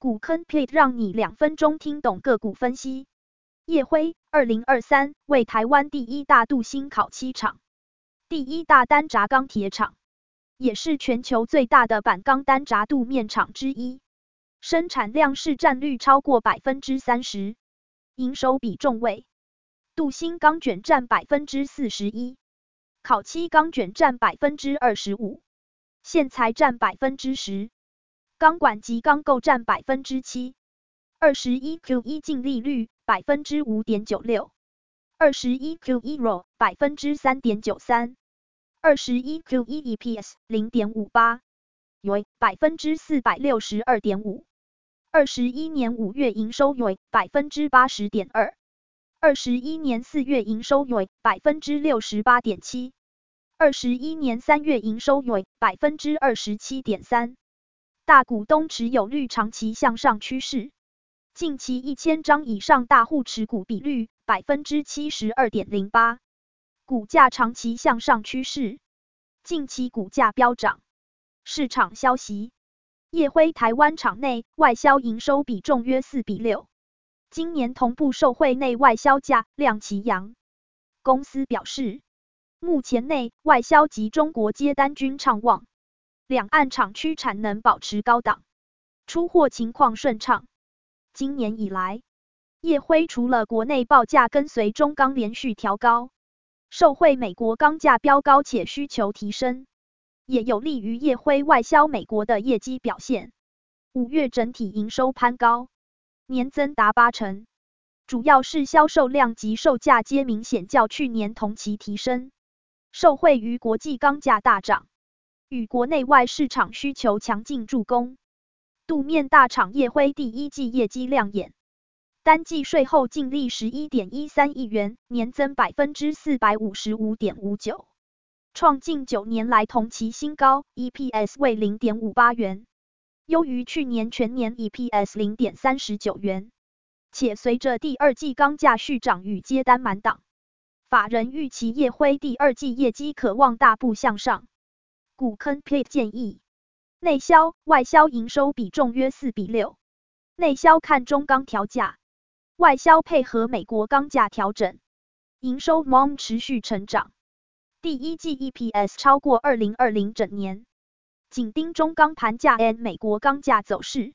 股坑 plate 讓你兩分鐘聽懂個股分析。燁輝，二零二三為台灣第一大鍍鋅烤漆廠，第一大單軋鋼鐵廠，也是全球最大的板鋼單軋鍍面廠之一，生產量市占率超過百分之三十。營收比重為鍍鋅鋼卷占百分之四十一，烤漆鋼卷占百分之二十五，線材占百分之十。鋼管及鋼構占百分之七，二十一 Q 一、e、淨利率百分之五點九六，二十一 Q 一 ROE 百分之三點九三，二十一 Q 一、e、EPS 零點五八 YoY 百分之四百六十二點五，二十一年五月營收 YoY 百分之八十點二，二十一年四月營收 YoY 百分之六十八點七，二十一年三月營收 YoY 百分之二十七點三。大股東持有率長期向上趨勢，近期一千張以上大戶持股比率百分之七十二點零八，股價長期向上趨勢，近期股價飆漲。市場消息，燁輝台灣廠內外銷營收比重約四比六，今年同步受惠內外銷價量齊揚，公司表示，目前內外銷及中國接單均暢旺。兩岸廠區產能保持高檔，出貨情況順暢。今年以來，燁輝除了國內報價跟隨中鋼連續調高，受惠美國鋼價飆高且需求提升，也有利於燁輝外銷美國的業績表現。五月整體營收攀高，年增達八成，主要是銷售量及售價皆明顯較去年同期提升，受惠於國際鋼價大漲。與國內外市場需求強勁助攻，鍍面大廠燁輝第一季業績亮眼，單季稅後淨利十一點一三億元，年增百分之四百五十五點五九，創近九年來同期新高，EPS 為零點五八元，優於去年全年 EPS 零點三九元，且隨着第二季鋼價續漲與接單滿檔，法人預期燁輝第二季業績可望大步向上。股坑 PATE 建議，內銷外銷營收比重約四比六。內銷看中鋼調價，外銷配合美國鋼價調整。營收 MOM 持續成長，第一季 EPS 超過二零二零整年。緊盯中鋼盤價 and 美國鋼價走勢。